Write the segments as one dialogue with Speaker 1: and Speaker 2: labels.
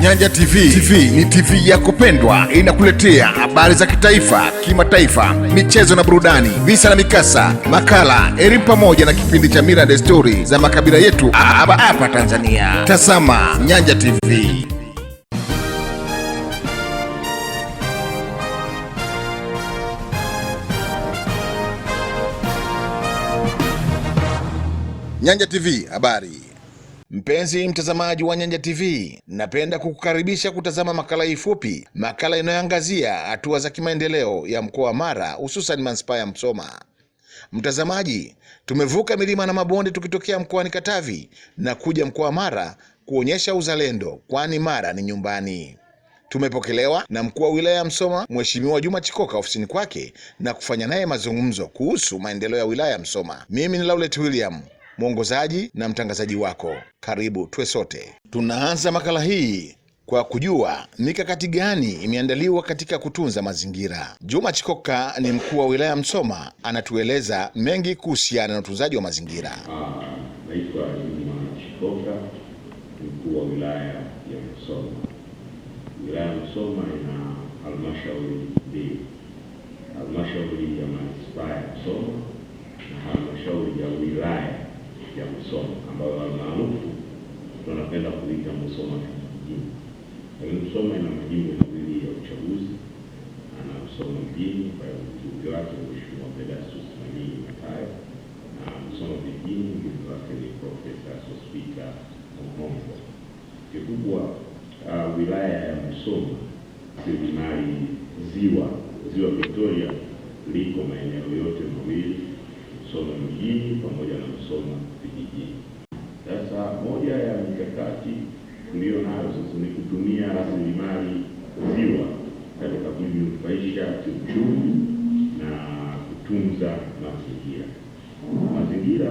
Speaker 1: Nyanja TV. TV ni TV yako pendwa, inakuletea habari za kitaifa, kimataifa, michezo na burudani, visa na mikasa, makala, elimu pamoja na kipindi cha mila na desturi za makabila yetu hapa hapa Tanzania. Tazama Nyanja TV. Nyanja TV habari. Mpenzi mtazamaji wa Nyanja TV, napenda kukukaribisha kutazama makala hii fupi, makala inayoangazia hatua za kimaendeleo ya mkoa wa Mara, hususan manispaa ya Msoma. Mtazamaji, tumevuka milima na mabonde tukitokea mkoani Katavi na kuja mkoa wa Mara kuonyesha uzalendo, kwani Mara ni nyumbani. Tumepokelewa na mkuu wa wilaya ya Msoma Mheshimiwa Juma Chikoka ofisini kwake na kufanya naye mazungumzo kuhusu maendeleo ya wilaya ya Msoma. Mimi ni Laulet William mwongozaji na mtangazaji wako. Karibu tuwe sote. Tunaanza makala hii kwa kujua mikakati gani imeandaliwa katika kutunza mazingira. Juma Chikoka ni mkuu wa wilaya Msoma, anatueleza mengi kuhusiana na utunzaji wa mazingira.
Speaker 2: Ah, naitwa Juma Chikoka, mkuu wa wilaya ya Msoma. Wilaya ya Msoma ina halmashauri mbili, halmashauri ya manispaa ya Msoma na halmashauri ya wilaya ya Musoma ambayo maarufu tunapenda kuita Musoma kijijini. Lakini Musoma ina majimbo mawili ya uchaguzi, ana Musoma mjini ambayo mjumbe wake ni Mheshimiwa Pedasus Manyinyi Mathayo na Musoma vijijini mjumbe wake ni Profesa Sospeter Omongo. Kikubwa uh, wilaya ya Musoma rasilimali ziwa ziwa Victoria liko maeneo yote mawili Musoma mjini pamoja na Musoma haki tulio nayo sasa ni kutumia rasilimali ziwa katika kujinufaisha kiuchumi na kutunza mazingira. Mazingira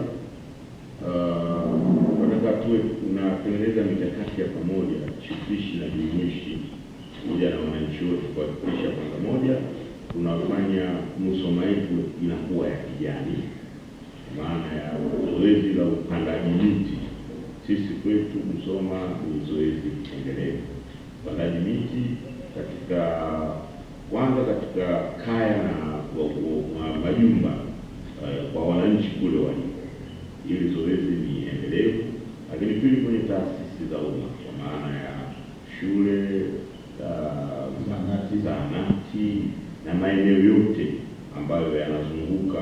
Speaker 2: uh, tunataka uh, tuwe tunatengeneza mikakati ya pamoja shirikishi na jumuishi pamoja na wananchi wote kuhakikisha kwa pamoja tunafanya musomaivu inakuwa ya kijani, maana ya zoezi la upandaji miti sisi kwetu kusoma ni zoezi endelevu. Upandaji miti katika kwanza katika kaya na majumba eh, kwa wananchi kule waliko, ili zoezi ni endelevu, lakini pili kwenye taasisi za umma kwa maana ya shule zahanati zahanati na maeneo yote ambayo yanazunguka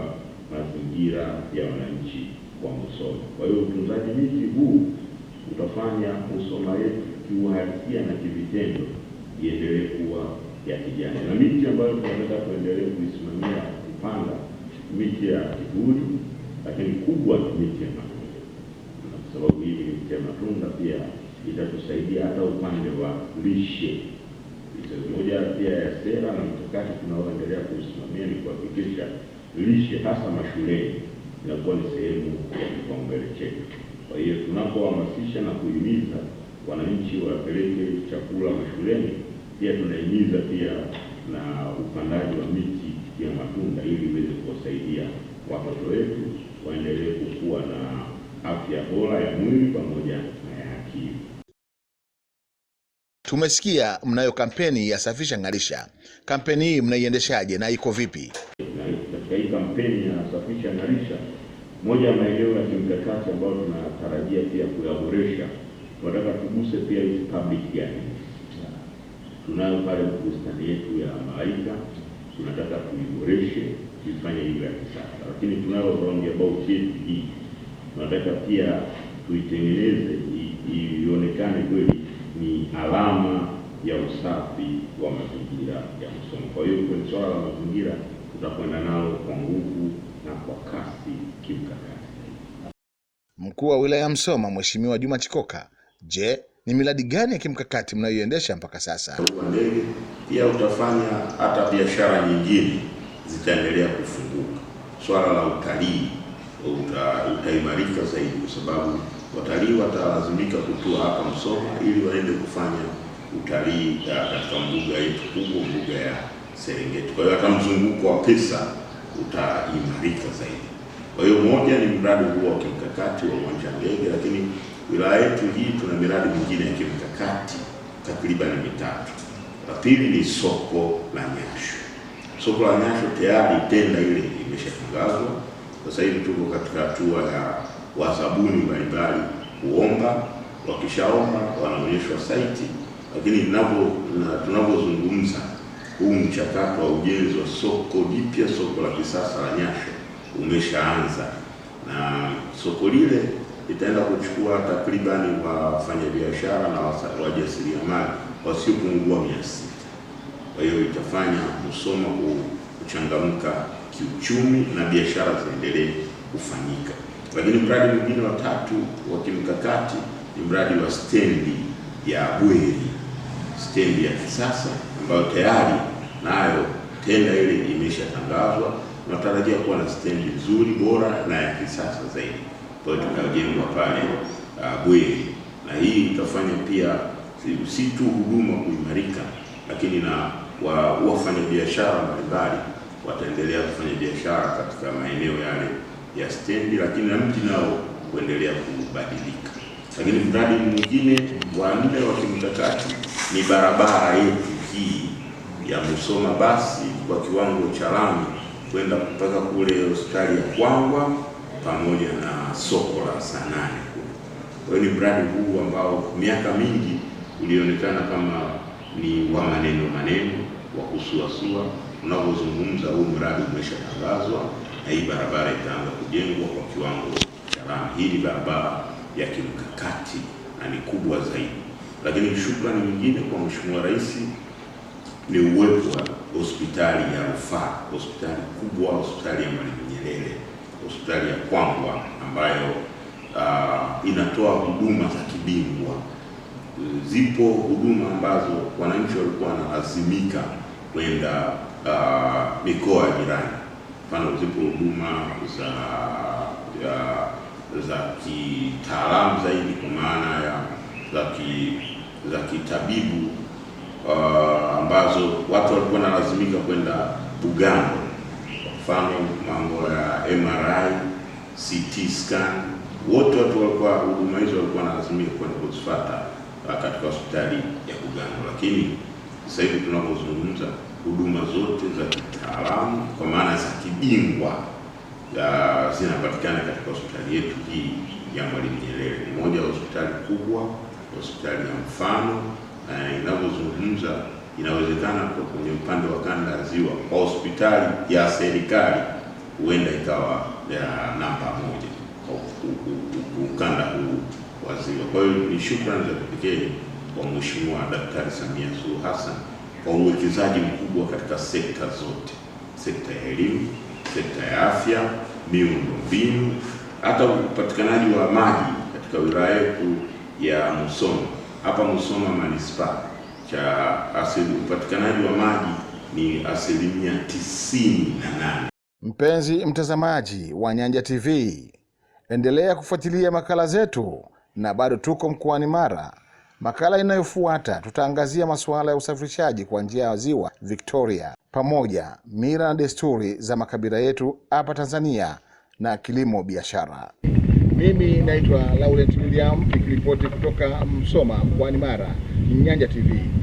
Speaker 2: mazingira ya wananchi wa Musoma. Kwa hiyo utunzaji miti huu tutafanya usoma yetu kiuhalisia na kivitendo iendelee kuwa ya kijani, na miti ambayo tunataka kuendelea kuisimamia kupanda miti ya kivuli, lakini kubwa ni miti ya matunda, na kwa sababu hii miti ya matunda pia itatusaidia hata upande wa lishe. Moja pia ya sera na mkakati tunaoendelea kuisimamia ni kuhakikisha lishe hasa mashuleni inakuwa ni sehemu ya kipaumbele chetu. Kwa hiyo tunapohamasisha na kuhimiza wananchi wapeleke chakula mashuleni, pia tunahimiza pia na upandaji wa miti ya matunda ili iweze kuwasaidia watoto wetu waendelee kukuwa na afya bora ya mwili pamoja na ya akili.
Speaker 1: Tumesikia mnayo kampeni ya safisha ng'arisha. Kampeni hii mnaiendeshaje na iko vipi?
Speaker 2: katika hii kampeni ya safisha ng'arisha moja ya maeneo ya kimkakati ambayo tunatarajia pia kuyaboresha, tunataka tuguse pia hizi public gardens. Tunayo pale bustani yetu ya Malaika, tunataka tuiboreshe tuifanye hivyo ya kisasa, lakini tunayo roundabout yetu hii, tunataka pia tuitengeneze ionekane kweli ni alama ya usafi wa mazingira ya Musoma. Kwa hiyo kwenye swala la mazingira tutakwenda nalo kwa nguvu na kwa kasi kimkakati.
Speaker 1: Mkuu wa wilaya ya Msoma Mheshimiwa Juma Chikoka, je, ni miradi gani ya kimkakati mnayoiendesha mpaka sasa?
Speaker 2: Ndege pia utafanya hata biashara nyingine zitaendelea kufunguka, swala la utalii utaimarika uta zaidi, kwa sababu watalii watalazimika kutua hapa Msoma ili waende kufanya utalii ah, katika mbuga yetu kubwa, mbuga ya Serengeti. Kwa hiyo hata mzunguko wa pesa utaimarika zaidi. Kwa hiyo moja ni mradi huo wa kimkakati wa uwanja wa ndege, lakini wilaya yetu hii tuna miradi mingine ya kimkakati takribani mitatu. La pili ni soko la Nyasho. Soko la Nyasho tayari tenda ile imeshatangazwa, sasa hivi tuko katika hatua ya wazabuni mbalimbali kuomba, wakishaomba wanaonyeshwa saiti, lakini tunapozungumza huu mchakato wa ujenzi wa soko jipya, soko la kisasa la Nyasho umeshaanza, na soko lile litaenda kuchukua takribani wafanyabiashara na wajasiriamali wasiopungua mia sita. Kwa hiyo itafanya Musoma kuchangamka kiuchumi na biashara ziendelee kufanyika. Lakini mradi mwingine wa tatu wa kimkakati ni mradi wa stendi ya Bweri stendi ya kisasa ambayo tayari nayo tenda ile imeshatangazwa. Tunatarajia kuwa na stendi nzuri bora na ya kisasa zaidi ambayo itakayojengwa pale uh, Bweri, na hii itafanya pia si tu huduma kuimarika, lakini na wa, wafanyabiashara mbalimbali wataendelea kufanya biashara katika maeneo yale ya stendi, lakini na mji nao kuendelea kubadilika. Lakini mradi mwingine wa nne wa kimkakati ni barabara yetu hii ya Musoma basi kwa kiwango cha lami kwenda mpaka kule hospitali ya Kwangwa pamoja na soko la Sanane kule. Kwa hiyo ni mradi huu ambao miaka mingi ulionekana kama ni wa maneno maneno wa kusuasua. Unavyozungumza huu mradi umeshatangazwa na hii barabara itaanza kujengwa kwa kiwango cha lami. Hii ni barabara ya kimkakati na ni kubwa zaidi. Lakini shukrani nyingine kwa Mheshimiwa Rais ni uwepo wa hospitali ya rufaa, hospitali kubwa, hospitali ya Mwalimu Nyerere, hospitali ya Kwangwa ambayo uh, inatoa huduma za kibingwa. Zipo huduma ambazo wananchi walikuwa wanalazimika kwenda uh, mikoa jirani, mfano zipo huduma za uh, za kitaalamu zaidi kwa maana ya za ki za kitabibu uh, ambazo watu walikuwa wanalazimika kwenda Bugando, kwa mfano mambo ya MRI, CT scan, wote watu walikuwa huduma hizo walikuwa wanalazimika kwenda kuzifuata uh, katika hospitali ya Bugando, lakini sasa hivi tunapozungumza huduma zote za kitaalamu kwa maana za kibingwa uh, zinapatikana katika hospitali yetu hii ya Mwalimu Nyerere, mmoja wa hospitali kubwa hospitali ya mfano na inavyozungumza inawezekana kwa kwenye upande wa kanda ya Ziwa kwa hospitali ya serikali huenda ikawa ya namba moja kwa ukanda huu wa Ziwa. Kwa hiyo ni shukrani za kipekee kwa Mheshimiwa Daktari Samia Suluhu Hassan kwa uwekezaji mkubwa katika sekta zote, sekta ya elimu, sekta ya afya, miundombinu, hata upatikanaji wa maji katika wilaya yetu ya Musoma hapa Musoma manispaa cha asili upatikanaji wa maji ni asilimia tisini na nane.
Speaker 1: Mpenzi mtazamaji wa Nyanja TV, endelea kufuatilia makala zetu, na bado tuko mkoani Mara. Makala inayofuata tutaangazia masuala ya usafirishaji kwa njia ya ziwa Victoria, pamoja mila na desturi za makabila yetu hapa Tanzania na kilimo biashara. Mimi naitwa Laurent William nikiripoti kutoka Msoma mkoani Mara, Nyanja TV.